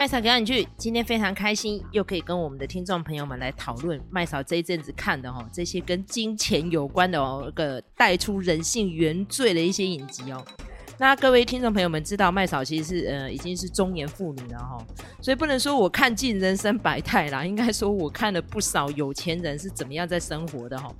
麥嫂給你去，今天非常開心，又可以跟我們的聽眾朋友們來討論麥嫂這一陣子看的哦，這些跟金錢有關的哦，一個帶出人性原罪的一些影集哦。那各位聽眾朋友們知道，麥嫂其實是呃已經是中年婦女了哈，所以不能說我看盡人生百態啦，應該說我看了不少有錢人是怎麼樣在生活的哈，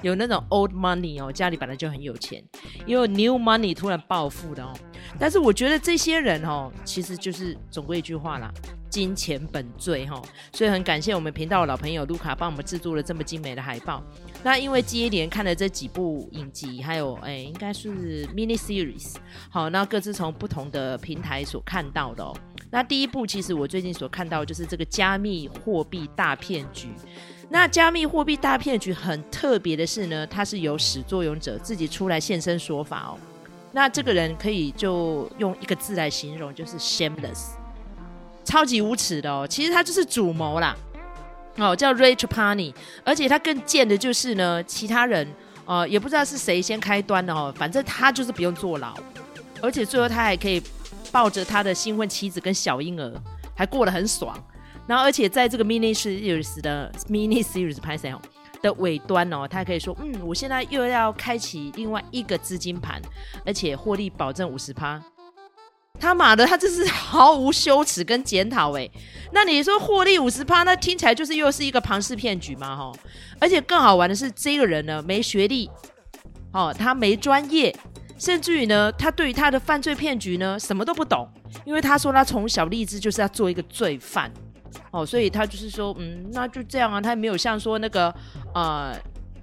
有那種 old money 哦，家裡本來就很有錢，也有 new money 突然暴富的哦。但是我覺得這些人哦，其實就是總歸一句話啦，金錢本罪哈、哦，所以很感謝我們頻道的老朋友盧卡幫我們制作了這麼精美的海報。那因為接連看了這幾部影集，還有誒、哎、應該是 mini series，好，那各自從不同的平台所看到的哦。那第一部其實我最近所看到的就是這個加密貨幣大騙局。那加密貨幣大騙局很特別的是呢，它是由始作俑者自己出來現身說法哦。那這個人可以就用一個字來形容，就是 shameless，超級無恥的哦。其實他就是主謀啦，哦，叫 Ray Trapani，而且他更賤的就是呢，其他人哦、呃，也不知道是誰先開端的哦，反正他就是不用坐牢，而且最後他還可以抱着他的新婚妻子跟小嬰兒，還過得很爽。然後而且在這個 mini series、嗯、mini series 的 mini series 拍攝哦。的尾端哦，他可以說，嗯，我現在又要開啟另外一個資金盤，而且獲利保證五十趴。他媽的，他真是毫無羞恥跟檢討哎。那你說獲利五十趴，那聽起來就是又是一個龐氏騙局嘛哈。而且更好玩的是，這個人呢沒學歷，哦，他沒專業，甚至於呢，他對於他的犯罪騙局呢什麼都不懂，因為他說他從小立志就是要做一個罪犯。哦，所以他就是說，嗯，那就這樣啊，他也沒有像說那個呃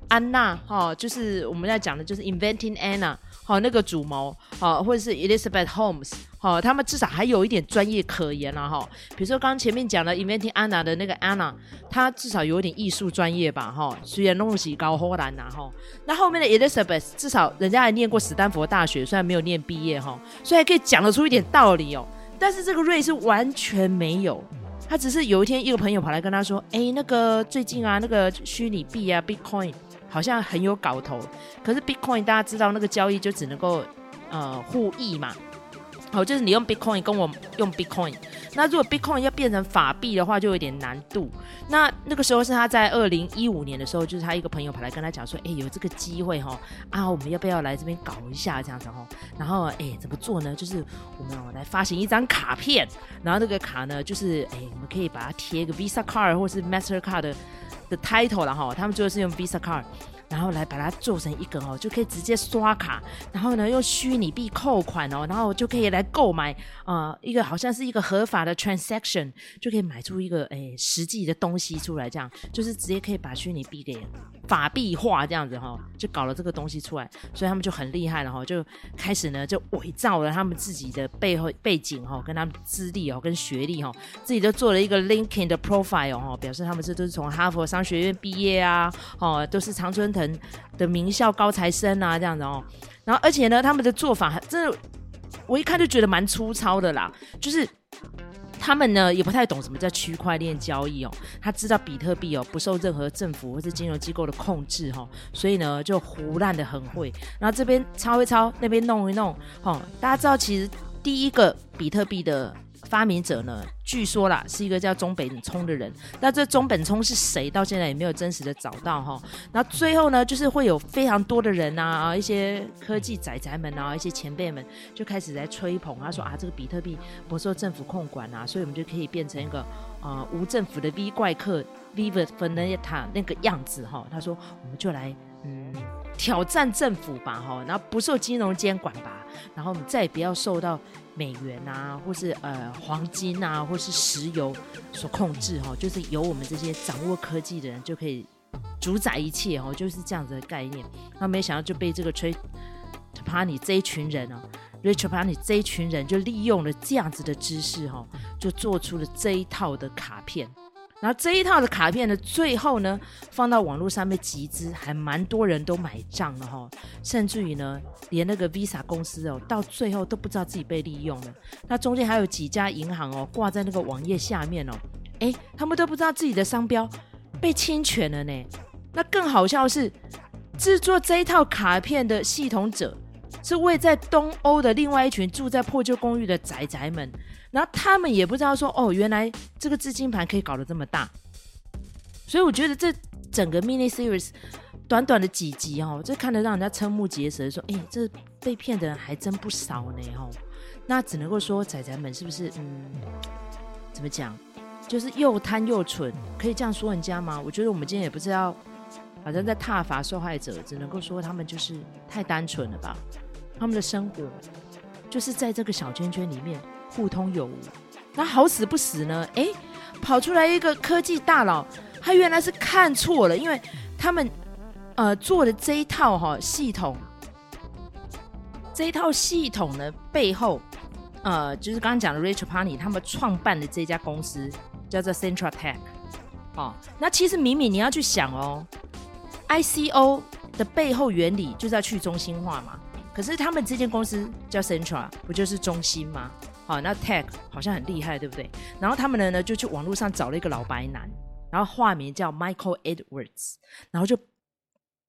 安娜哈，就是我們在講的，就是 Inventing Anna 哈、哦，那個主謀哈、哦，或者是 Elizabeth Holmes 哈、哦，他們至少還有一點專業可言了、啊、哈、哦。比如說剛,剛前面講的 Inventing Anna 的那個 Anna，她至少有一點藝術專業吧哈、哦，雖然弄不起高護欄吶哈。那、哦、後面的 Elizabeth 至少人家還念過史丹佛大學，雖然沒有念畢業哈、哦，所以可以講得出一點道理哦。但是這個 Ray 是完全沒有。他只是有一天，一個朋友跑來跟他說：“哎，那個最近啊，那個虛擬幣啊，Bitcoin 好像很有搞頭。可是 Bitcoin 大家知道，那個交易就只能夠呃互譯嘛。”好，就是你用 Bitcoin 跟我用 Bitcoin，那如果 Bitcoin 要變成法幣的話，就有點難度。那那個時候是他在二零一五年的時候，就是他一個朋友跑來跟他講說，哎、欸，有這個機會哈，啊，我們要不要來這邊搞一下這樣子哦。然後哎、欸，怎麼做呢？就是我們來發行一張卡片，然後那個卡呢，就是哎、欸，我們可以把它貼個 Visa Card 或是 Master Card 的的 Title，然後他們就是用 Visa Card。然後來把它做成一個哦，就可以直接刷卡，然後呢用虛擬幣扣款哦，然後就可以來購買啊、呃、一個好像是一個合法的 transaction，就可以買出一個哎實際的東西出來，這樣就是直接可以把虛擬幣給法幣化這樣子哈、哦，就搞了這個東西出來，所以他們就很厲害了哈、哦，就開始呢就偽造了他們自己的背後背景，哈、哦，跟他們資歷哦跟學歷哈、哦，自己都做了一個 LinkedIn 的 profile 哦，表示他們這都是從哈佛商學院畢業啊，哦都是長春藤的名校高材生啊，這樣子哦，然後而且呢，他們的做法還真的，我一看就覺得蠻粗糙的啦。就是他們呢，也不太懂什麼叫區塊鏈交易哦，他知道比特幣哦不受任何政府或是金融機構的控制哦。所以呢就胡亂的很會，然後這邊抄一抄，那邊弄一弄，哦，大家知道其實第一個比特幣的。發明者呢？據說啦，是一個叫中本聰的人。那這中本聰是誰？到現在也沒有真實的找到哈。那最後呢，就是會有非常多的人啊，一些科技宅宅們啊，一些前輩們就開始在吹捧他說，說啊，這個比特幣不受政府控管啊，所以我們就可以變成一個啊、呃、無政府的 V 怪客 V for Vendetta 那個樣子哈。他說，我們就來嗯挑戰政府吧哈，然後不受金融監管吧，然後我們再也不要受到美元啊，或是呃黃金啊，或是石油所控制哈，哦，就是由我們這些掌握科技的人就可以主宰一切哦，就是這樣子的概念。那沒想到就被這個 Trapani 這一群人哦、啊，Rich Trapani 這一群人就利用了這樣子的知識哈，哦，就做出了這一套的卡片。然後這一套的卡片呢，最後呢，放到網絡上面集資，還蠻多人都買賬了哈、哦，甚至於呢，連那個 Visa 公司哦，到最後都不知道自己被利用了。那中間還有幾家銀行哦，掛在那個網頁下面哦，哎，他們都不知道自己的商標被侵權了呢。那更好笑是，制作這一套卡片的系統者。是位在東歐的另外一群住在破舊公寓的宅宅們，然後他們也不知道說哦，原來這個資金盤可以搞得這麼大，所以我覺得這整個 mini series 短短的幾集哦，這看得讓人家瞠目結舌，說哎，這被騙的人還真不少呢哦，那只能夠說宅宅們是不是嗯，怎麼講，就是又貪又蠢，可以這樣說人家嗎？我覺得我們今天也不知道，反正在撻伐受害者，只能夠說他們就是太單純了吧。他們的生活就是在這個小圈圈裡面互通有無。那好死不死呢，哎、欸，跑出來一個科技大佬，他原來是看錯了，因為他們呃做的這一套哈、哦、系統，這一套系統呢背後呃就是剛剛講的 Rachel Pony 他們創辦的這家公司叫做 Central Tech 哦。那其實敏敏你要去想哦，ICO 的背後原理就是要去中心化嘛。可是他們這間公司叫 Centra，不就是中心嗎？好、哦，那 Tech 好像很厲害，對不對？然後他們呢就去網絡上找了一個老白男，然後化名叫 Michael Edwards，然後就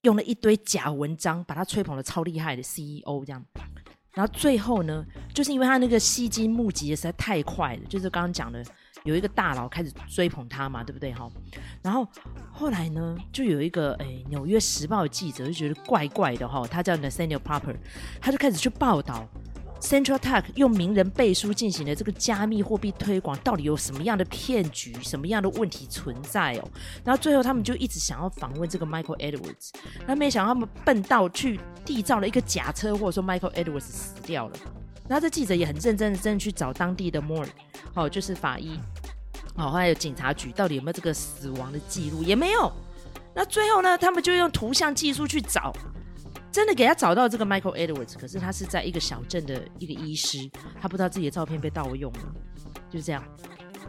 用了一堆假文章把他吹捧得超厲害的 CEO 這樣。然後最後呢，就是因為他那個吸金募集的實在太快了，就是剛剛講的。有一個大佬開始追捧他嘛，對不對哈？然後後來呢，就有一個誒，《紐約時報》的記者就覺得怪怪的哈，他叫 Nathaniel Popper，他就開始去報道 Centra Tech 用名人背書進行的這個加密貨幣推廣到底有什麼樣的騙局，什麼樣的問題存在哦？然後最後他們就一直想要訪問這個 Michael Edwards，那沒想到他們笨到去締造了一個假車，或者說 Michael Edwards 死掉了。那這記者也很認真的，真的去找當地的 morgue，好、哦，就是法醫，好、哦，後來有警察局到底有沒有這個死亡的記錄，也沒有。那最後呢，他們就用圖像技術去找，真的給他找到這個 Michael Edwards，可是他是在一個小鎮的一個醫師，他不知道自己的照片被盜用了，就是這樣。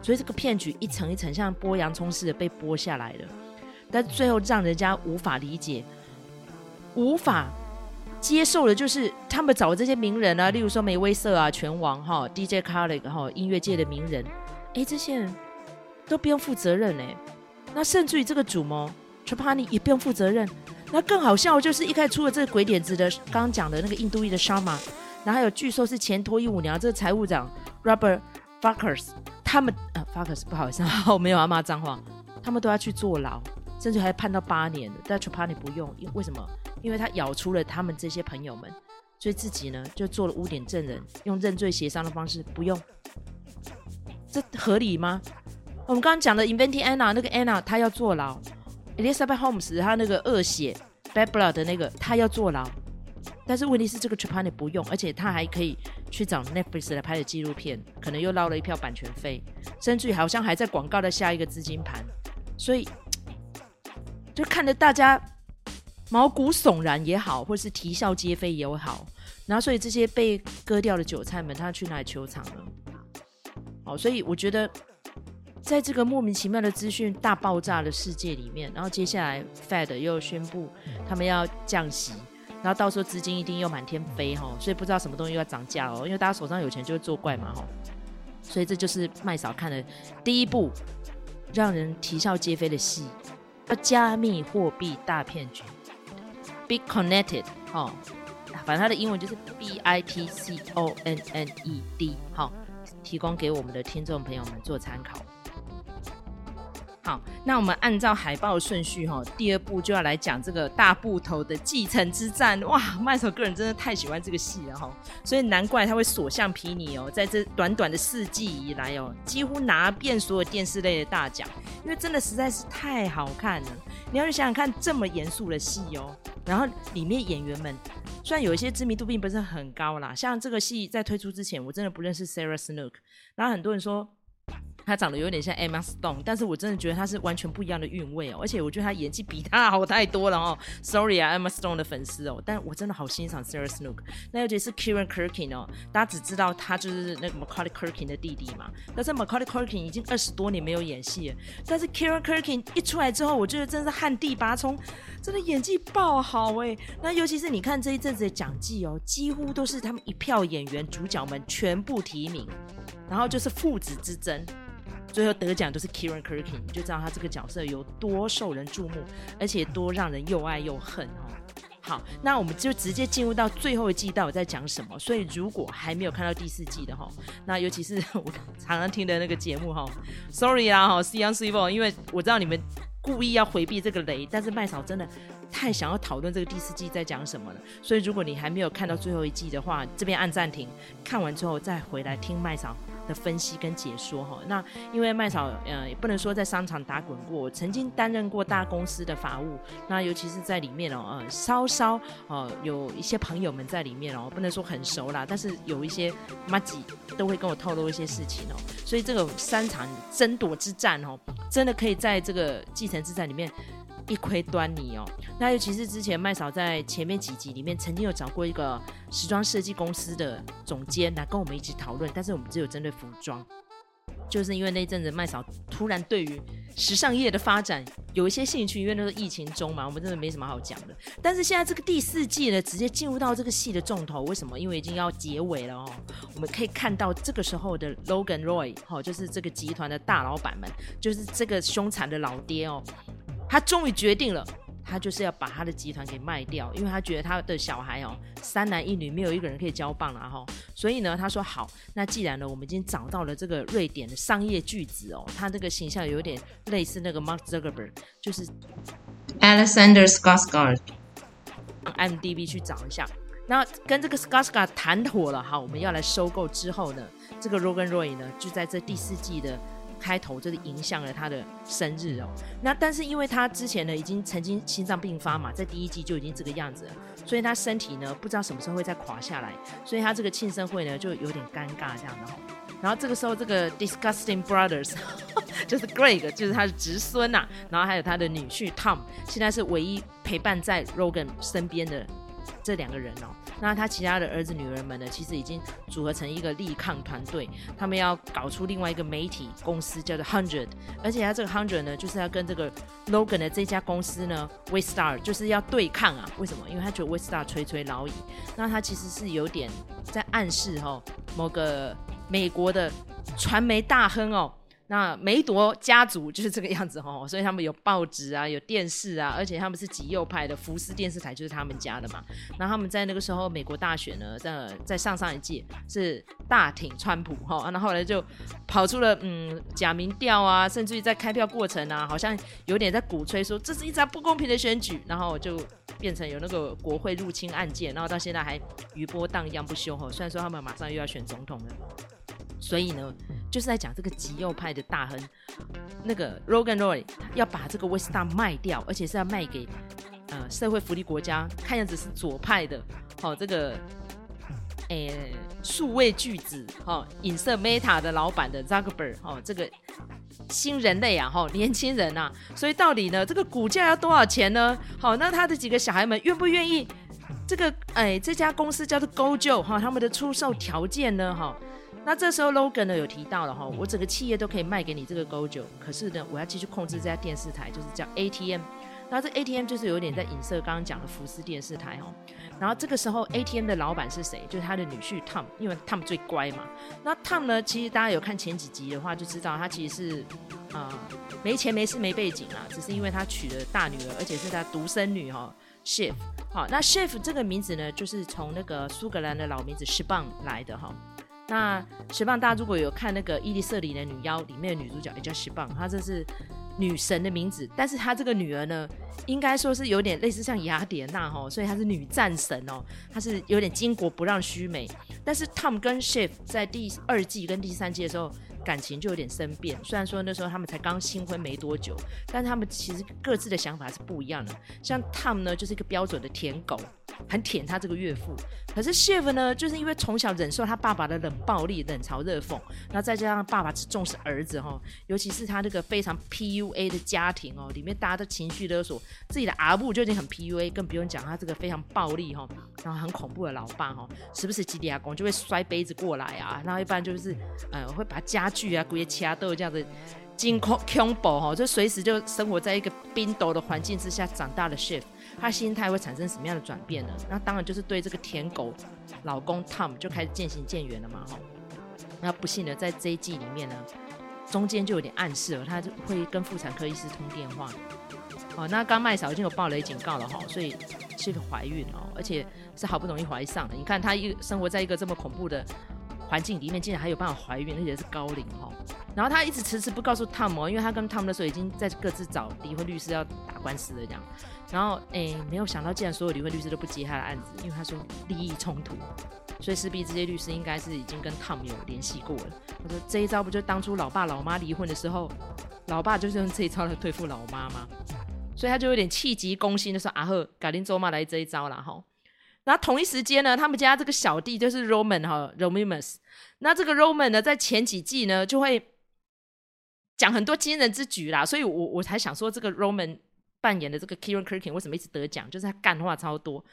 所以這個騙局一層一層像剝洋蔥似的被剝下來了，但最後讓人家無法理解，無法。接受的就是他們找的這些名人啊，例如說梅威瑟啊、拳王哈、DJ Khaled 哈、音樂界的名人，哎、欸，這些人都不用負責任呢、欸。那甚至於這個主謀 Trapani 也不用負責任。那更好笑就是一開始出了這個鬼點子的，剛剛講的那個印度裔的 Sharma，然後還有據說是前脫衣舞娘這個財務長 Robert Farkas 他們啊、呃、Farkas 不好意思， 我沒有阿媽髒話，他們都要去坐牢，甚至還判到八年。但 Trapani 不用，因為，為什麼？因為他咬出了他們這些朋友們，所以自己呢就做了污點證人，用認罪協商的方式不用，這合理嗎？我們剛剛講的 Inventing Anna 那個 Anna，她要坐牢；Elizabeth Holmes 她那個惡血 Bad Blood 的那個她要坐牢，但是問題是這個 Trapani 不用，而且他還可以去找 Netflix 來拍的紀錄片，可能又撈了一票版權費，甚至於好像還在廣告的下一個資金盤，所以就看着大家。毛骨悚然也好，或是啼笑皆非也好，然後所以這些被割掉的韭菜們，他去哪裡求償呢？哦，所以我覺得，在這個莫名其妙的資訊大爆炸的世界裡面，然後接下來 Fed 又宣布他們要降息，然後到時候資金一定又滿天飛哈、哦，所以不知道什麼東西又要漲價哦，因為大家手上有錢就會作怪嘛哈、哦，所以這就是麥嫂看的第一部讓人啼笑皆非的戲，叫加密貨幣大騙局。Bitconned 哦，反正它的英文就是 B I T C O N N E D，好、哦，提供給我們的聽眾朋友們做參考。好，那我們按照海報的順序哈、哦，第二部就要來講這個大部頭的繼承之戰。哇，麥嫂個人真的太喜歡這個戲了哈、哦，所以難怪他會所向披靡哦，在這短短的四季以來哦，幾乎拿遍所有電視類的大獎，因為真的實在是太好看了。你要去想想看，這麼嚴肅的戲哦，然後裡面演員們雖然有一些知名度並不是很高啦，像這個戲在推出之前，我真的不認識 Sarah Snook，然後很多人說，他長得有點像 Emma Stone，但是我真的覺得他是完全不一樣的韻味哦，而且我覺得他演技比他好太多了哦。Sorry 啊，Emma Stone 的粉絲哦，但我真的好欣賞 Sarah Snook。那尤其是 Kieran Culkin 哦，大家只知道他就是那個 Macaulay Culkin 的弟弟嘛，但是 Macaulay Culkin 已經二十多年沒有演戲了，但是 Kieran Culkin 一出來之後，我覺得真的是旱地拔蔥，真的演技爆好誒，那尤其是你看這一陣子的獎季哦，幾乎都是他們一票演員主角們全部提名，然後就是父子之爭。最後得獎都是 Kieran Culkin，你就知道他這個角色有多受人注目，而且多讓人又愛又恨哦。好，那我們就直接進入到最後一季，到底在講什麼？所以如果還沒有看到第四季的哈，那尤其是我常常聽的那個節目哈，Sorry 啊哈，Stephen Stephen，因為我知道你們故意要回避這個雷，但是麥嫂真的太想要討論這個第四季在講什麼了。所以如果你還沒有看到最後一季的話，這邊按暫停，看完之後再回來聽麥嫂的分析跟解說哈，那因為麥嫂呃，也不能說在商場打滾過，曾經擔任過大公司的法務，那尤其是在裡面哦，呃，稍稍哦有一些朋友們在裡面哦，不能說很熟啦，但是有一些麻吉都會跟我透露一些事情哦，所以這個商場爭奪之戰哦，真的可以在這個繼承之戰裡面。一窺端倪哦。那尤其是之前麥嫂在前面幾集裡面，曾經有找過一個時裝設計公司的總監來跟我們一起討論，但是我們只有針對服裝，就是因為那陣子麥嫂突然對於時尚業的發展有一些興趣，因為那時疫情中嘛，我們真的沒什麼好講的。但是現在這個第四季呢，直接進入到這個戲的重頭，為什麼？因為已經要結尾了哦。我們可以看到這個時候的 Logan Roy，哦，就是這個集團的大老闆們，就是這個兇殘的老爹哦。他終於決定了，他就是要把他的集團給賣掉，因為他覺得他的小孩哦，三男一女沒有一個人可以交棒了哈、哦。所以呢，他說好，那既然呢，我們已經找到了這個瑞典的商業巨子哦，他這個形象有點類似那個 Mark Zuckerberg，就是 Alexander Skarsgard，MDB 去找一下。那跟這個 Skarsgard 談妥了哈，我們要來收購之後呢，這個 Logan Roy 呢就在這第四季的。開頭就是影響了他的生日哦、喔。那但是因為他之前呢已經曾經心臟病發嘛，在第一季就已經這個樣子了，所以他身體呢不知道什麼時候會再垮下來，所以他這個慶生會呢就有點尷尬這樣子喔，然後然後這個時候，這個 Disgusting Brothers 就是 Greg，就是他的侄孫吶，然後還有他的女婿 Tom，現在是唯一陪伴在 Logan 身邊的。這兩個人哦，那他其他的兒子女兒們呢？其實已經組合成一個力抗團隊，他們要搞出另外一個媒體公司，叫做 Hundred。而且他這個 Hundred 呢，就是要跟這個 Logan 的這家公司呢，Waystar，就是要對抗啊。為什麼？因為他覺得 Waystar 垂垂老矣。那他其實是有點在暗示哈、哦，某個美國的傳媒大亨哦。那梅朵家族就是這個樣子哦，所以他們有報紙啊，有電視啊，而且他們是極右派的，福斯電視台就是他們家的嘛。那他們在那個時候美國大選呢，在在上上一屆是大挺川普哈，那、哦、後來就跑出了嗯假民調啊，甚至於在開票過程啊，好像有點在鼓吹說，這是一場不公平的選舉，然後就變成有那個國會入侵案件，然後到現在還餘波蕩漾不休哈、哦。雖然說他們馬上又要選總統了。所以呢，就是在講這個極右派的大亨，那個 Logan Roy 要把這個 Waystar 賣掉，而且是要賣給呃社會福利國家，看樣子是左派的。好、哦，這個呃數位巨子，好、哦，影射 Meta 的老闆的 Zuckerberg，好、哦，這個新人類啊，哦、年輕人吶、啊。所以到底呢，這個股價要多少錢呢？好、哦，那他的幾個小孩們願不願意？這個哎，這家公司叫做 Gojo 哈、哦，他們的出售條件呢，哈、哦。那這時候，Logan 呢有提到了哈，我整個企業都可以賣給你這個 GoJo，可是呢，我要繼續控制這家電視台，就是叫 ATM。那這 ATM 就是有點在影射剛剛講的福斯電視台哈。然後這個時候，ATM 的老板是誰？就是他的女婿 Tom，因為 Tom 最乖嘛。那 Tom 呢，其實大家有看前幾集的話就知道，他其實是啊、呃、沒錢、沒勢、沒背景啊，只是因為他娶了大女兒，而且是他獨生女哈，Chef。好，那 Chef 這個名字呢，就是從那個蘇格蘭的老名字 Siobhan 來的哈。S 那 Siobhan，大家如果有看那個《伊麗舍里的女妖》裡面的女主角也叫 Siobhan，她這是女神的名字。但是她這個女兒呢，應該說是有點類似像雅典娜哈，所以她是女戰神哦，她是有點巾幗不讓鬚眉。但是 Tom 跟 Shiv 在第二季跟第三季的時候，感情就有點生變。雖然說那時候他們才剛新婚沒多久，但他們其實各自的想法是不一樣的。像 Tom 呢，就是一個標準的舔狗，很舔他這個岳父。可是 Shiv 呢，就是因為從小忍受他爸爸的冷暴力、冷嘲熱諷，那再加上爸爸只重視兒子哦，尤其是他這個非常 PUA 的家庭哦，裡面大家都情緒勒索，自己的阿布就已經很 PUA，更不用講他這個非常暴力哈，然後很恐怖的老爸哈，時不時吉列阿公就會摔杯子過來啊，然後一般就是呃會把他家。劇啊，鬼啊，都有這樣子驚，驚恐恐怖哈、哦，就隨時就生活在一個冰島的環境之下長大的 Shiv，她心態會產生什麼樣的轉變呢？那當然就是對這個舔狗老公 Tom 就開始漸行漸遠了嘛哈、哦。那不幸的在這一季裡面呢，中間就有點暗示了，她就會跟婦產科醫師通電話。哦，那剛，剛麥嫂已經有爆雷警告了哈、哦，所以是懷孕哦，而且是好不容易懷上的。你看她一生活在一個這麼恐怖的。環境裡面竟然還有辦法懷孕，而且是高齡哦。然後他一直遲遲不告訴湯姆，因為他跟湯姆的時候已經在各自找離婚律師要打官司了這樣。然後誒，沒有想到竟然所有離婚律師都不接他的案子，因為他說利益衝突。所以勢必這些律師應該是已經跟湯姆有聯繫過了。他說這一招不就當初老爸老媽離婚的時候，老爸就是用這一招來對付老媽嗎？所以他就有點氣急攻心，就是說啊呵，改天做嘛來這一招啦吼。那同一時間呢，他們家這個小弟就是 Roman 哈、哦、，Romulus。那這個 Roman 呢，在前幾季呢，就會講很多驚人之舉啦。所以我我才想說，這個 Roman 扮演的這個 Kieran Culkin 為什麼一直得獎，就是他幹話超多，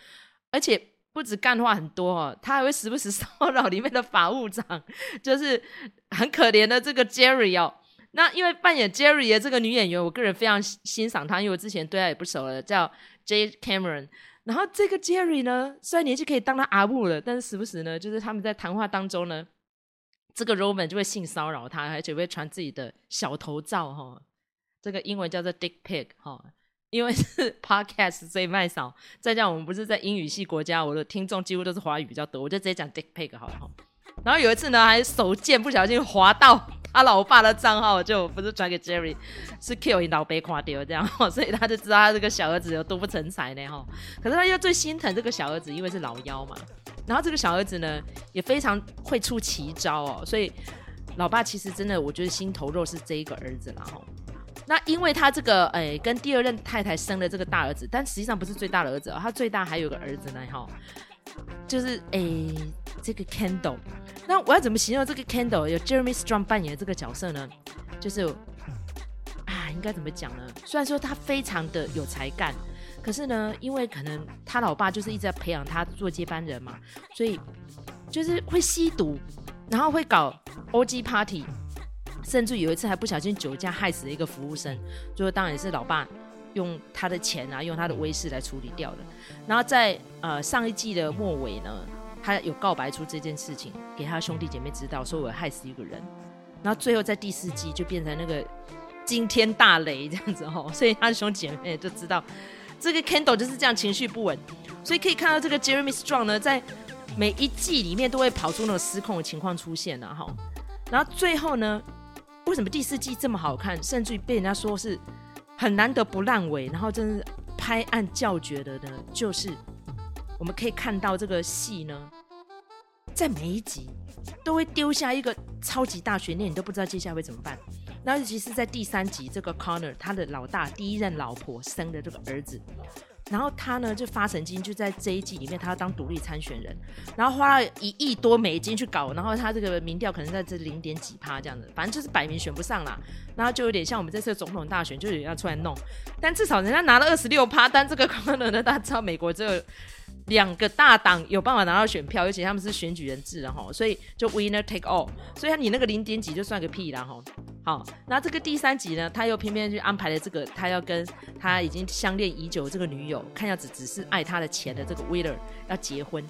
而且不止幹話很多哦，他還會時不時騷擾裡面的法務長，就是很可憐的這個 Jerry 哦。那因為扮演 Jerry 的這個女演員，我個人非常欣賞她，因為我之前對她也不熟了，叫 J. Cameron。然後這個 Jerry 呢，雖然年紀可以當他阿布了，但是時不時呢，就是他們在談話當中呢，這個 Roman 就會性騷擾他，而且會傳自己的小頭照哈。這個英文叫做 Dick Pic 哈，因為是 Podcast，所以麥嫂，再加上我們不是在英語系國家，我的聽眾幾乎都是華語比較多，我就直接講 Dick Pic 好了哈。然後有一次呢，還手賤不小心滑到。他、啊、老爸的賬號就不是轉給 Jerry，是 Q 因老被誇掉這樣，所以他就知道他這個小兒子有多不成才呢哈。可是他又最心疼這個小兒子，因為是老幺嘛。然後這個小兒子呢也非常會出奇招哦，所以老爸其實真的我覺得心頭肉是這一個兒子了哈。那因為他這個哎、欸、跟第二任太太生了這個大兒子，但實際上不是最大的兒子，哦，他最大還有一個兒子呢哈。吼就是誒、欸，這個 Candle，那我要怎麼形容這個 Candle？有 Jeremy Strong 扮演的這個角色呢？就是啊，應該怎麼講呢？雖然說他非常的有才幹，可是呢，因為可能他老爸就是一直在培養他做接班人嘛，所以就是會吸毒，然後會搞 O.G. Party，甚至有一次還不小心酒駕害死了一個服務生，所以就是當然是老爸。用他的錢啊，用他的威勢來處理掉的。然後在呃上一季的末尾呢，他有告白出這件事情，給他兄弟姐妹知道，說我害死一個人。然後最後在第四季就變成那個驚天大雷這樣子哦。所以他的兄弟姐妹就知道這個 Kendall 就是這樣情緒不穩。所以可以看到這個 Jeremy Strong 呢，在每一季裡面都會跑出那種失控的情況出現啊哈。然後最後呢，為什麼第四季這麼好看，甚至於被人家說是？很難得不爛尾，然後真是拍案叫絕的呢。就是我們可以看到這個戲呢，在每一集都會丟下一個超級大懸念，你都不知道接下來會怎麼辦。然後尤其是在第三集，這個 Connor 他的老大第一任老婆生的這個兒子。然後他呢就發神經，就在這一季裡面，他要當獨立參選人，然後花了一億多美金去搞，然後他這個民調可能在這零點幾趴這樣子，反正就是擺明選不上啦，然後就有點像我們這次總統大選，就是要出來弄，但至少人家拿了二十六趴，但這個可能呢大家知道美國這個。兩個大黨有辦法拿到選票，而且他們是選舉人制的吼，所以就 winner take all，所以你那個零點幾就算個屁啦吼。好，那這個第三集呢，他又偏偏去安排了這個他要跟他已經相戀已久的這個女友，看樣子只是愛他的錢的這個 winner 要結婚。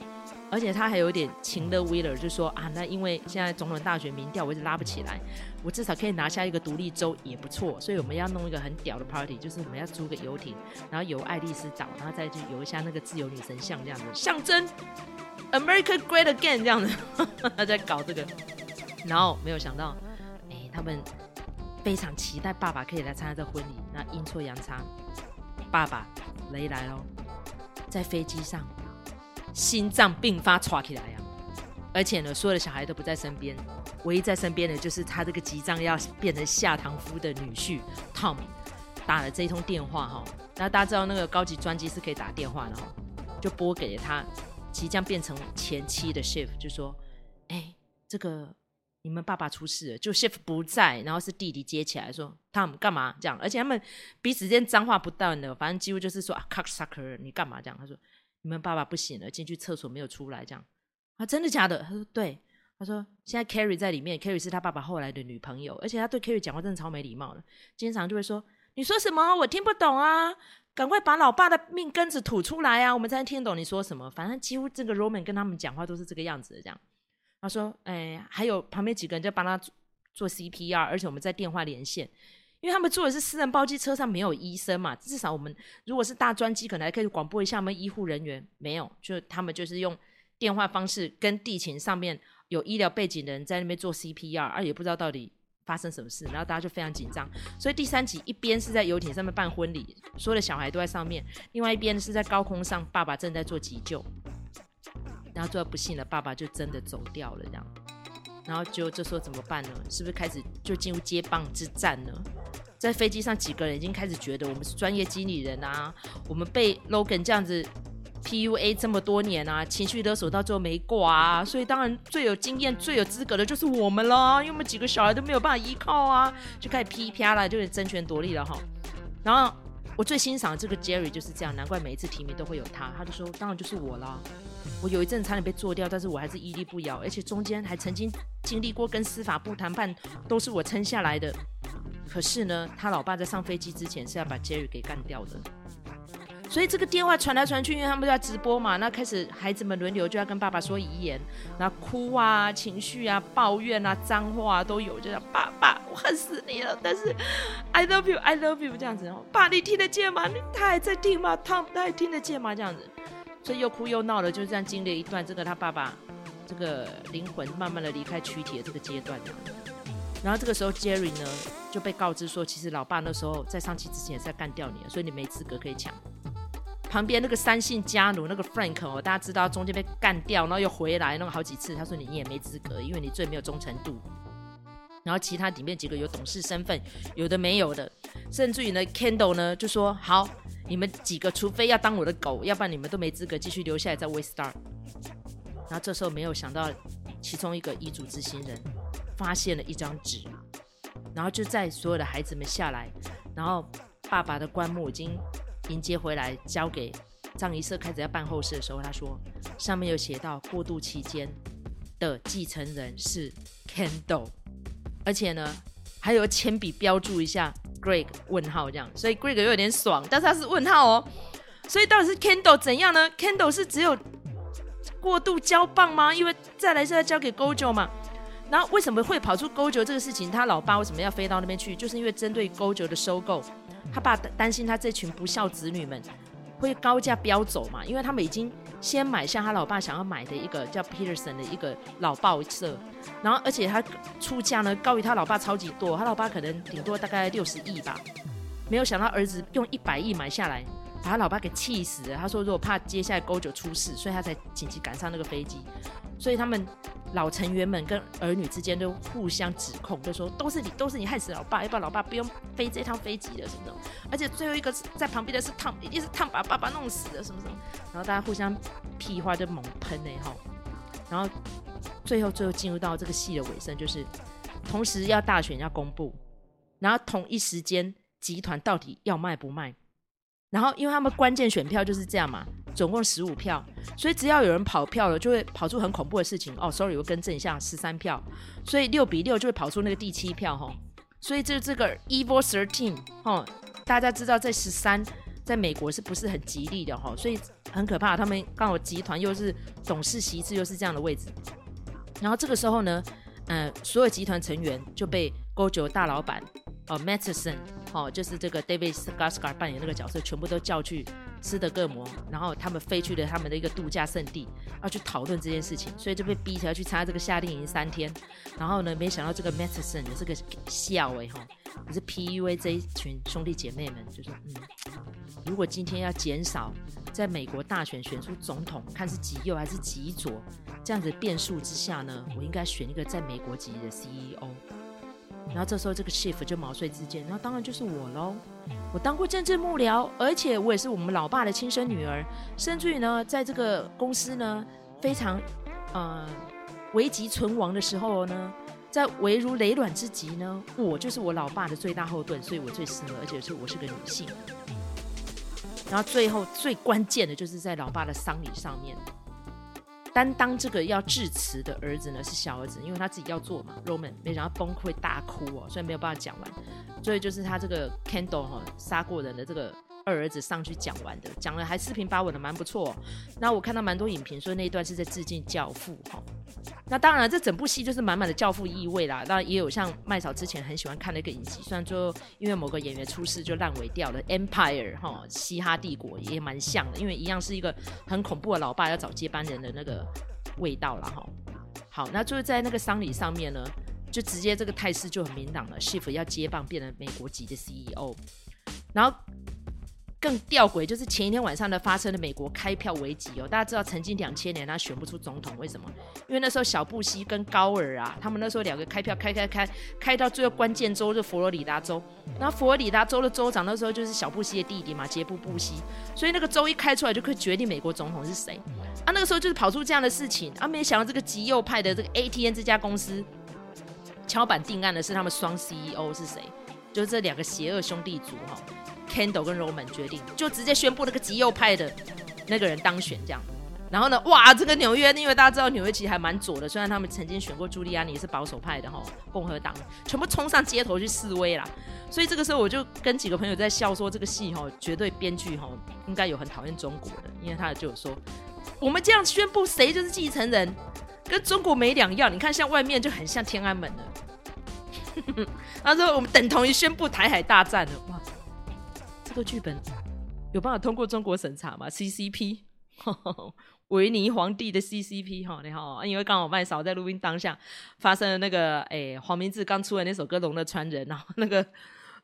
而且他還有一點情的味兒，就說啊，那因為現在總統大學民調我一直拉不起來，我至少可以拿下一個獨立州也不錯，所以我們要弄一個很屌的 party，就是我們要租個遊艇，然後遊愛麗絲島，然後再去遊一下那個自由女神像這樣子，象徵 America Great Again 這樣子，他在搞這個，然後沒有想到，哎、欸，他們非常期待爸爸可以來參加這個婚禮，那陰錯陽差，爸爸雷來了，在飛機上。心臟病發，抓起來啊！而且呢，所有的小孩都不在身邊，唯一在身邊的就是他這個即將要變成下堂夫的女婿 Tom 打了這一通電話哈。那大家知道那個高級專機是可以打電話的哈，就撥給了他。即將變成前妻的 Shiv 就說：“哎、欸，這個你們爸爸出事了，就 Shiv 不在，然後是弟弟接起來說 Tom 幹嘛這樣？而且他們彼此間髒話不斷的。反正幾乎就是說啊 cocksucker，你幹嘛這樣？”他說。你們爸爸不行了，進去廁所沒有出來，這樣啊？真的假的？他說對，他說現在 Kerry 在裡面，Kerry 是他爸爸後來的女朋友，而且他對 Kerry 講話真的超沒禮貌的，經常就會說：“你說什麼？我聽不懂啊！趕快把老爸的命根子吐出來啊！我們才能聽懂你說什麼。”反正幾乎這個 Roman 跟他們講話都是這個樣子的，這樣。他說：“哎，還有旁邊幾個人就幫他做、做 CPR，而且我們在電話連線。”因為他們坐的是私人包機，車上沒有醫生嘛。至少我們如果是大專機，可能還可以廣播一下，我們醫護人員沒有，就他們就是用電話方式跟地勤上面有醫療背景的人在那邊做 CPR，而、啊、也不知道到底發生什麼事，然後大家就非常緊張。所以第三集一邊是在遊艇上面辦婚禮，所有的小孩都在上面；另外一邊是在高空上，爸爸正在做急救，然後做到不幸了，爸爸就真的走掉了，這樣。然後就就說怎麼辦呢？是不是開始就進入接棒之戰呢？在飛機上幾個人已經開始覺得我們是專業經理人啊，我們被 Logan 這樣子 PUA 這麼多年啊，情緒勒索到最後沒過啊。所以當然最有經驗、最有資格的就是我們嘍。因為我們幾個小孩都沒有辦法依靠啊，就開始 P P R 啦，就是爭權奪利了哈。然後我最欣賞這個 Jerry 就是這樣，難怪每一次提名都會有他，他就說當然就是我啦。我有一陣差點被做掉，但是我還是屹立不搖，而且中間還曾經經歷過跟司法部談判，都是我撐下來的。可是呢，他老爸在上飛機之前是要把 Jerry 給乾掉的，所以這個電話傳來傳去，因為他們都在直播嘛，那開始孩子們輪流就要跟爸爸說遺言，那哭啊、情緒啊、抱怨啊、髒話啊，都有，就像爸爸，我恨死你了。但是 I love you, I love you 這樣子，爸你聽得見嗎？你他還在聽嗎？他他還聽得見嗎？這樣子。所以又哭又鬧的，就這樣經歷一段這個他爸爸這個靈魂慢慢的離開軀體的這個階段的、啊。然後這個時候 Jerry 呢就被告知說，其實老爸那時候在上機之前也是在幹掉你，所以你沒資格可以搶。旁邊那個三姓家奴那個 Frank 哦，大家知道中間被幹掉，然後又回來弄、那個、好幾次，他說你也沒資格，因為你最沒有忠誠度。然後其他裡面幾個有董事身份，有的沒有的，甚至於呢，Kendall 呢就說好。你們幾個，除非要當我的狗，要不然你們都沒資格繼續留下來在 Waystar。然後這時候沒有想到，其中一個遺囑執行人發現了一張紙，然後就在所有的孩子們下來，然後爸爸的棺木已經迎接回來，交給葬儀社開始要辦後事的時候，他說上面有寫到過渡期間的繼承人是 Kendall，而且呢還有鉛筆標注一下。Greg 問號這樣，所以 Greg 又有點爽，但是他是問號哦。所以到底是 Kendall 怎樣呢？Kendall 是只有過度交棒嗎？因為再來是要交給 Gojo 嘛。然後為什麼會跑出 Gojo 這個事情？他老爸為什麼要飛到那邊去？就是因為針對 Gojo 的收購，他爸擔心他這群不孝子女們。會高價飆走嘛？因為他們已經先買下他老爸想要買的一個叫 Peterson 的一個老報社，然後而且他出價呢，高於他老爸超級多，他老爸可能頂多大概六十億吧，沒有想到兒子用一百億買下來，把他老爸給氣死了。他說：“如果怕接下來勾九出事，所以他才緊急趕上那個飛機。”所以他們老成員們跟兒女之間都互相指控，就說都是你，都是你害死老爸，要不然老爸不用飛這趟飛機了是不是什麼的而且最後一個是在旁邊的是燙，一定是燙把爸爸弄死的。什麼什麼。然後大家互相屁話就猛噴哎吼，然後最後最後進入到這個戲的尾聲，就是同時要大選要公布，然後同一時間集團到底要賣不賣？然後因為他們關鍵選票就是這樣嘛。總共十五票，所以只要有人跑票了，就會跑出很恐怖的事情。哦、oh，sorry，我更正一下，十三票，所以六比六就會跑出那個第七票哈。所以這這個 Evil Thirteen 哈，大家知道在十三，在美國是不是很吉利的哈？所以很可怕。他們剛好集團又是董事席次又是這樣的位置，然後這個時候呢，嗯、呃，所有集團成員就被勾結大老板。哦 Matsson 哦，就是這個 David Skarsgård 扮演那個角色，全部都叫去吃的各饃，然後他們飛去了他們的一個度假勝地，要去討論這件事情，所以就被逼着要去參加這個夏令營三天。然後呢，沒想到這個 Matsson 也是個笑哎哈，也是 PUA 這一群兄弟姐妹們就說、是，嗯，如果今天要減少在美國大選選出總統，看是極右還是極左，這樣子變數之下呢，我應該選一個在美國籍的 CEO。然後這時候這個 chief 就毛遂自薦，那當然就是我嘍。我當過政治幕僚，而且我也是我們老爸的親生女兒，甚至於呢，在這個公司呢，非常呃危急存亡的時候呢，在危如累卵之際呢，我就是我老爸的最大後盾，所以我最適合，而且是我是個女性。然後最後最關鍵的就是在老爸的喪禮上面。擔當這個要致辭的兒子呢是小兒子，因為他自己要做嘛。Roman 沒想到崩潰大哭哦、喔，所以沒有辦法講完。所以就是他這個 Kendall 哈殺過人的這個。二兒子上去講完的，講了還四平八穩的，蠻不錯。那我看到蠻多影評說那一段是在致敬《教父》哈。那當然，這整部戲就是滿滿的《教父》意味啦。那也有像麥嫂之前很喜歡看的一個影集，雖然最後因為某個演員出事就爛尾掉了，《Empire》哈，《嘻哈帝國》也蠻像的，因為一樣是一個很恐怖的老爸要找接班人的那個味道了哈。好，那就是在那個喪禮上面呢，就直接這個態勢就很明朗了，Shift 要接棒，變成美國籍的 CEO，然後。更吊詭就是前一天晚上的發生的美國開票危機哦，大家知道曾經兩千年他選不出總統，為什麼？因為那時候小布希跟高爾啊，他們那時候兩個開票開開開開到最後關鍵州就佛羅里達州，那佛羅里達州的州長那時候就是小布希的弟弟嘛傑布布希，所以那個州一開出來就可以決定美國總統是誰啊。那個時候就是跑出這樣的事情啊，沒想到這個極右派的這個 ATN 這家公司敲板定案的是他們雙 CEO 是誰？就是這兩個邪惡兄弟組哈、哦。Kendall 跟 Roman 決定就直接宣布那個極右派的那個人當選這樣，然後呢，哇，這個紐約，因為大家知道紐約其實還蠻左的，雖然他們曾經選過朱利安尼是保守派的哈，共和黨，全部衝上街頭去示威啦。所以這個時候我就跟幾個朋友在笑說，這個戲哈，絕對編劇哈應該有很討厭中國的，因為他就說，我們這樣宣布誰就是繼承人，跟中國沒兩樣。你看像外面就很像天安門了，他 說我們等同於宣布台海大戰了，哇！做劇本有辦法通過中國審查嗎？CCP 維尼皇帝的 CCP 哈，你好，因為剛好麥嫂在錄音當下發生了那個，哎、欸，黃明志剛出的那首歌《龍的傳人》然後啊，那個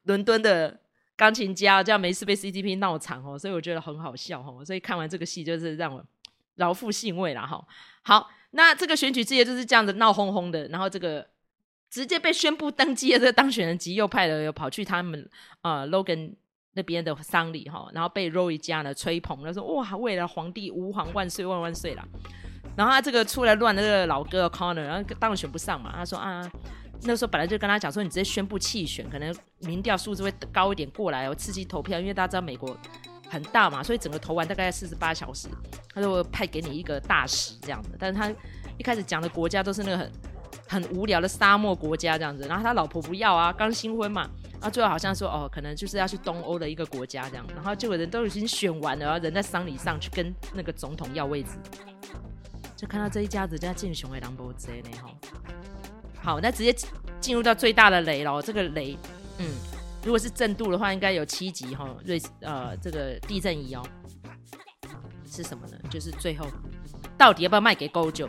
倫敦的鋼琴家叫沒事被 CCP 鬧場哦，所以我覺得很好笑哈，所以看完這個戲就是讓我饒富興味了哈。好，那這個選舉之夜就是這樣子鬧哄哄的，然後這個直接被宣布登基的這個當選人極右派的跑去他們啊、呃、Logan。那邊的喪禮哈，然後被 Roy 一家呢吹捧，他說哇，未來皇帝吾皇萬歲萬萬歲了。然後他這個出來亂的這個老哥 Connor，然後當然選不上嘛。他說啊，那時候本來就跟他講說，你直接宣布棄選，可能民調數字會高一點過來，我刺激投票。因為大家知道美國很大嘛，所以整個投完大概四十八小時，他說我派給你一個大使這樣的。但是他一開始講的國家都是那個很。很無聊的沙漠國家這樣子，然後他老婆不要啊，剛新婚嘛，然後最後好像說哦，可能就是要去東歐的一個國家這樣，然後就有人都已經選完了，然後人在喪禮上去跟那個總統要位置，就看到這一家子在建雄和郎伯澤呢、哦、好，那直接進入到最大的雷嘍，這個雷，嗯，如果是震度的話，應該有七級哈、哦，瑞呃這個地震儀哦，是什麼呢？就是最後到底要不要賣給 GoJo？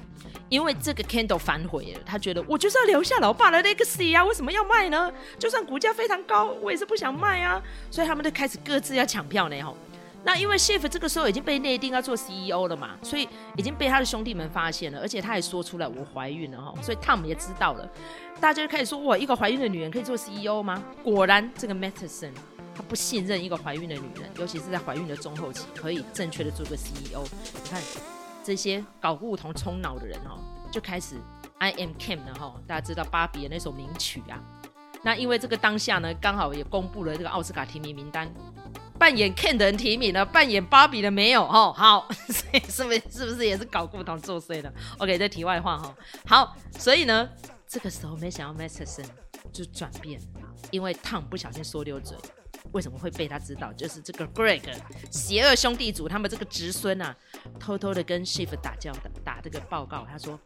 因為這個 Kendall 反悔了，他覺得我就是要留下老爸的 Legacy 啊，為什麼要賣呢？就算股價非常高，我也是不想賣啊。所以他們就開始各自要搶票呢。吼，那因為 Shiv 這個時候已經被內定要做 CEO 了嘛，所以已經被他的兄弟們發現了，而且他也說出來我懷孕了哈，所以 Tom 也知道了，大家就開始說哇，一個懷孕的女人可以做 CEO 嗎？果然這個 Matsson 他不信任一個懷孕的女人，尤其是在懷孕的中後期可以正確的做個 CEO。你看。這些睪固酮衝腦的人哦，就開始 I am Ken 的、哦、大家知道芭比的那首名曲啊，那因為這個當下呢，剛好也公布了這個奧斯卡提名名單，扮演 Ken 的人提名了，扮演芭比的沒有哦。好，所以是，是，是不是也是睪固酮作祟了 OK 這題外話哈、哦。好，所以呢，這個時候沒想到 Masterson 就轉變了，因為 Tom 不小心說溜嘴。為什麼會被他知道？就是這個 Greg，邪惡兄弟組他們這個侄孫啊，偷偷的跟 Shift 打交打，打這個報告，他說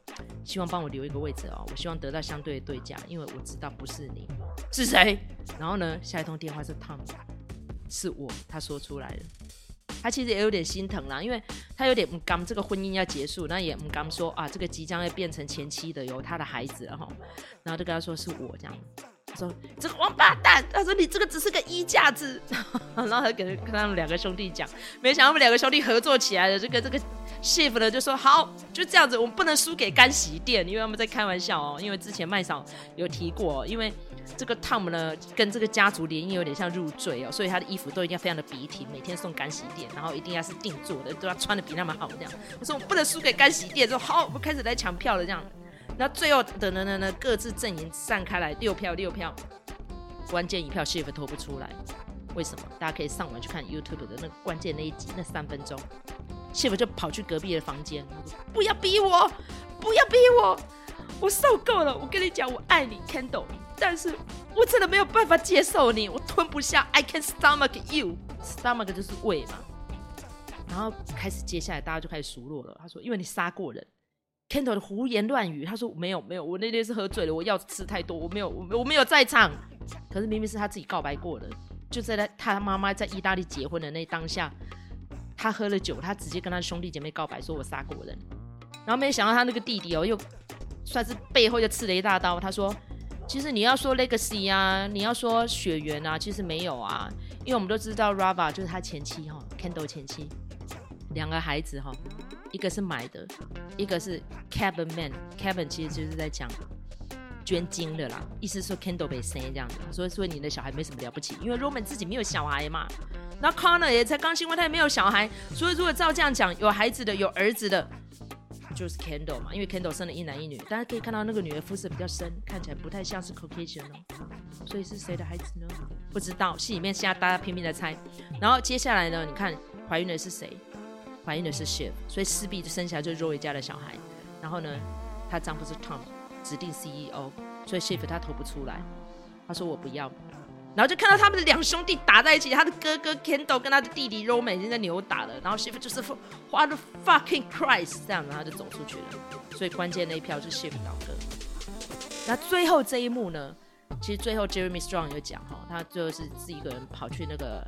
希望幫我留一個位置哦，我希望得到相對的對價，因為我知道不是你，是誰？然後呢，下一通電話是 Tom，是我，他說出來了，他其實也有點心疼啦，因為他有點不甘這個婚姻要結束，那也不甘說啊，這個即將要變成前妻的有他的孩子了哈，然後就跟他說是我這樣。說這個王八蛋，他說你這個只是個衣、e、架子。 然後他就跟跟他們兩個兄弟講，沒想到我們兩個兄弟合作起來了，就跟這個 shift 呢就說好，就這樣子，我們不能輸給乾洗店。因為他們在開玩笑哦，因為之前麥嫂有提過、哦，因為這個 Tom 呢跟這個家族聯姻有點像入贅哦，所以他的衣服都應該非常的筆挺，每天送乾洗店，然後一定要是定做的，都要穿的比他們好這樣。我說我不能輸給乾洗店，說好，我們開始來搶票了這樣。那最後，等呢呢各自陣營散開來，六票六票，關鍵一票，Shiv 投不出來。為什麼？大家可以上網去看 YouTube 的那個關鍵那一集那三分鐘，Shiv 就跑去隔壁的房間，他說：“不要逼我，不要逼我，我受夠了。我跟你講，我愛你，Kendall，但是我真的沒有辦法接受你，我吞不下。I can't stomach you，stomach 就是胃嘛。然後開始接下來，大家就開始數落了。他說：因為你殺過人。” Kendall 的胡言亂語，他說，沒有沒有，我那天是喝醉了，我藥吃太多，我沒有我沒有，我沒有在場，可是明明是他自己告白過的，就在他媽媽在意大利結婚的那一當下，他喝了酒，他直接跟他兄弟姐妹告白，說我殺過人，然後沒想到他那個弟弟哦、喔，又算是背後又刺了一大刀，他說，其實你要說 Legacy 啊，你要說血緣啊，其實沒有啊，因為我們都知道 Rava 就是他前妻哈、喔、，Kendall 前妻。兩個孩子哈，一個是買的，一個是 cabin man。cabin 其實就是在講捐精的啦，意思說 Kendall 被生這樣子。所以說你的小孩沒什麼了不起，因為 Roman 自己沒有小孩嘛。然後 Connor 也才剛新婚，他也沒有小孩。所以如果照這樣講，有孩子的、有兒子的，就是 Kendall 嘛。因為 Kendall 生了一男一女，大家可以看到那個女的膚色比較深，看起來不太像是 Caucasian 哦、喔。所以是誰的孩子呢？不知道。戲裡面現在大家拼命的猜。然後接下來呢，你看懷孕的是誰？懷孕的是 Shiv 所以勢必就生下來就是 Roy 家的小孩。然後呢，她丈夫是 Tom，指定 CEO，所以 Shiv 他投不出來。他說我不要。然後就看到他們的兩兄弟打在一起，他的哥哥 Kendall 跟他的弟弟 Roman 已經在扭打了。然後 Shiv 就是發的 fucking Christ 這樣子，然後他就走出去了。所以關鍵那一票是 Shiv 倒戈。那最後這一幕呢，其實最後 Jeremy Strong 有講哈，他最後是自己一個人跑去那個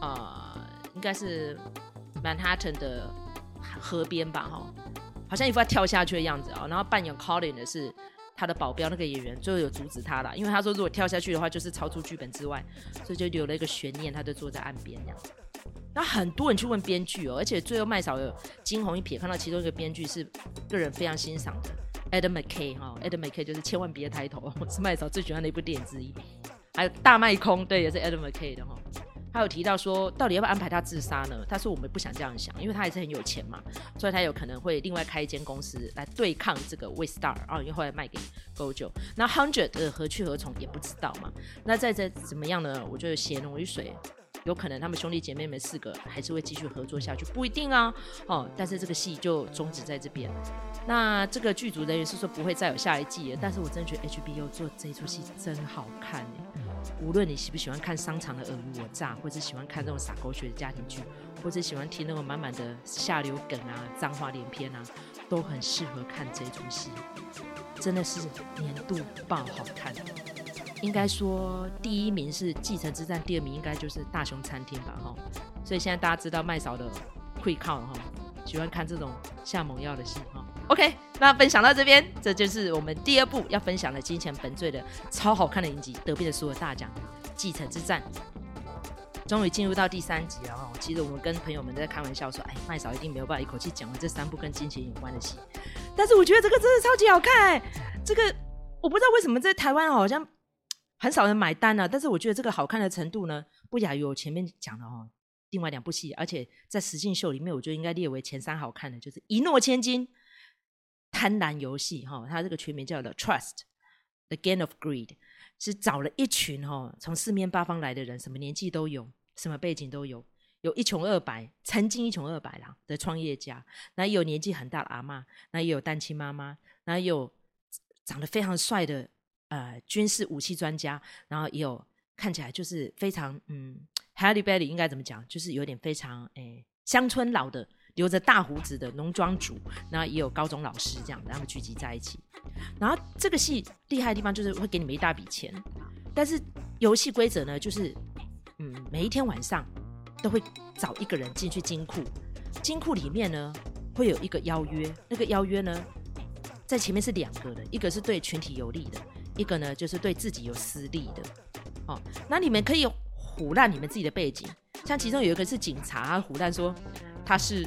呃，應該是。曼哈頓的河邊吧，哈，好像一副要跳下去的樣子啊。然後扮演 Colin 的是他的保鏢那個演員，最後有阻止他了，因為他說如果跳下去的話就是超出劇本之外，所以就留了一個懸念，他就坐在岸邊這樣子。那很多人去問編劇哦，而且最後麥嫂驚鴻一瞥看到其中一個編劇是個人非常欣賞的 Adam McKay 哈、喔、，Adam McKay 就是千萬別抬頭，是麥嫂最喜歡的一部電影之一。還有大賣空，對，也是 Adam McKay 的哈。喔他有提到說，到底要不要安排他自殺呢？他說，我們不想這樣想，因為他還是很有錢嘛，所以他有可能會另外開一間公司來對抗這個 Waste Star 啊，因為後來賣給 g o 那 Hundred 的、呃、何去何從也不知道嘛。那再再怎麼樣呢？我覺得血濃於水，有可能他們兄弟姐妹們四個還是會繼續合作下去，不一定啊。哦，但是這個戲就終止在這邊。那這個劇組人員是說不會再有下一季了，但是我真的覺得 HBO 做這齣戲真好看、欸無論你喜不喜歡看商場的爾虞我詐，或者喜歡看這種撒狗血的家庭劇，或者喜歡聽那種滿滿的下流梗啊、髒話連篇啊，都很適合看這出戲。真的是年度爆好看，應該說第一名是《繼承之戰》，第二名應該就是《大熊餐廳》吧？哈，所以現在大家知道麥嫂的會靠了哈，喜歡看這種下猛藥的戲哈。OK，那分享到這邊，這就是我們第二部要分享的《金錢本罪》的超好看的影集，得遍所有大獎《繼承之戰》。終於進入到第三集了哈，其實我們跟朋友們在開玩笑說，哎，麥嫂一定沒有辦法一口氣講完這三部跟金錢有關的戲。但是我覺得這個真的超級好看、欸，這個我不知道為什麼在台灣好像很少人買單呢、啊。但是我覺得這個好看的程度呢，不亞於我前面講的哦，另外兩部戲，而且在實境秀裡面，我覺得應該列為前三好看的，就是《一諾千金》。貪婪遊戲，哈、哦，他這個全名叫做《Trust: The Game of Greed》，是找了一群哈、哦，從四面八方來的人，什麼年紀都有，什麼背景都有，有一窮二白，曾經一窮二白啦的創業家，那也有年紀很大的阿嬤，那也有單親媽媽，那也有長得非常帥的呃軍事武器專家，然後也有看起來就是非常嗯 hillbilly 應該怎麼講，就是有點非常誒鄉村佬的，留着大鬍子的農莊主，那也有高中老師這樣，然後聚集在一起。然後這個戲厲害的地方就是會給你們一大筆錢，但是遊戲規則呢，就是嗯，每一天晚上都會找一個人進去金庫，金庫裡面呢會有一個邀約，那個邀約呢在前面是兩個的，一個是對群體有利的，一個呢就是對自己有私利的。哦，那你們可以唬爛你們自己的背景，像其中有一個是警察，啊、唬爛說他是。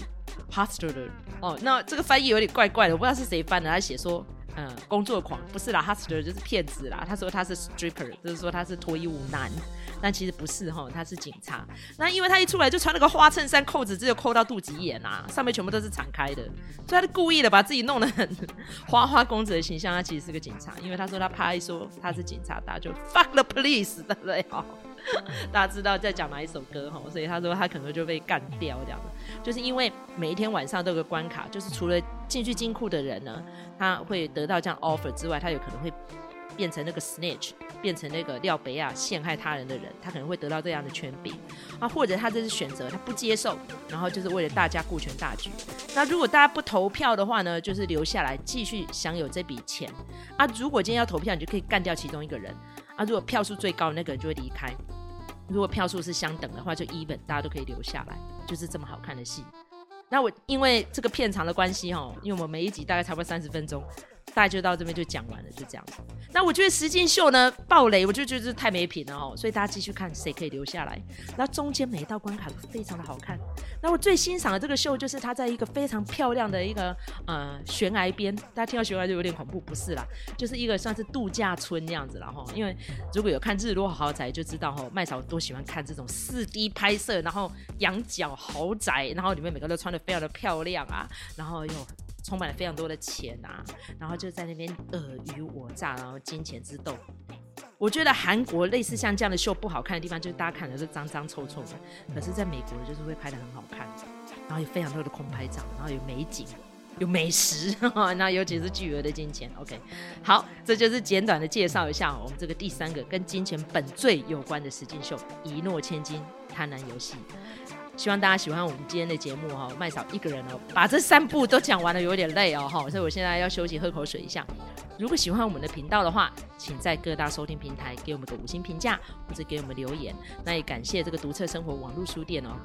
Hustler 哦，那這個翻譯有點怪怪的，我不知道是誰翻的。他寫說，嗯、呃，工作狂不是啦，Hustler 就是騙子啦。他說他是 stripper，就是說他是脫衣舞男，但其實不是哈，他是警察。那因為他一出來就穿了個花襯衫，釦子只有扣到肚臍眼啊，上面全部都是敞開的，所以他故意的把自己弄得很花花公子的形象。他其實是個警察，因為他說他怕一說他是警察，大家就 fuck the police，對不對？大家知道在講哪一首歌哈，所以他說他可能就被幹掉這樣子，就是因為每一天晚上都有個關卡，就是除了進去金庫的人呢，他會得到這樣 offer 之外，他有可能會變成那個 snitch，變成那個廖北亞陷害他人的人，他可能會得到這樣的權柄啊，或者他這次選擇他不接受，然後就是為了大家顧全大局。那如果大家不投票的話呢，就是留下來繼續享有這筆錢啊。如果今天要投票，你就可以幹掉其中一個人啊。如果票數最高那個人就會離開。如果票數是相等的話，就 even 大家都可以留下來，就是這麼好看的戲。那我因為這個片長的關係哦，因為我們每一集大概差不多三十分鐘。大家就到這邊就講完了，就這樣子。那我覺得實境秀呢暴雷，我就覺得就是太沒品了哦。所以大家繼續看誰可以留下來。那中間每一道關卡都非常的好看。那我最欣賞的這個秀就是它在一個非常漂亮的一個呃懸崖邊，大家聽到懸崖就有點恐怖，不是啦，就是一個算是度假村那樣子了哈。因為如果有看日落豪宅就知道哈，麥嫂多喜歡看這種 4D 拍攝，然後仰角豪宅，然後裡面每個都穿得非常的漂亮啊，然後又。充滿了非常多的錢啊，然後就在那邊爾虞我詐，然後金錢之鬥。我覺得韓國類似像這樣的秀不好看的地方，就是大家看的是髒髒臭臭的，可是在美國就是會拍得很好看，然後有非常多的空拍照，然後有美景，有美食，那 尤其是巨額的金錢。OK，好，這就是簡短的介紹一下我們這個第三個跟金錢本罪有關的實境秀《一諾千金貪婪遊戲》遊戲。希望大家喜歡我們今天的節目哈、哦，麥嫂一個人哦，把這三部都講完了，有點累哦哈、哦，所以我現在要休息，喝口水一下。如果喜歡我們的頻道的話，請在各大收聽平台給我們的五星評價，或者給我們留言。那也感謝這個讀冊生活網絡書店哦，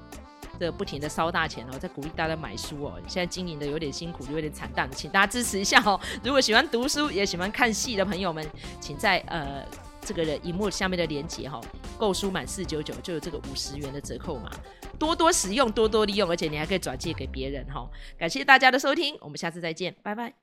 這個、不停的燒大錢哦，在鼓勵大家買書哦。現在經營的有點辛苦，有點慘淡，請大家支持一下哦。如果喜歡讀書也喜歡看戲的朋友們，請在呃這個螢幕下面的連結哈，購書滿四九九就有這個五十元的折扣碼。多多使用，多多利用，而且你還可以轉借給別人齁。感謝大家的收聽，我們下次再見，拜拜。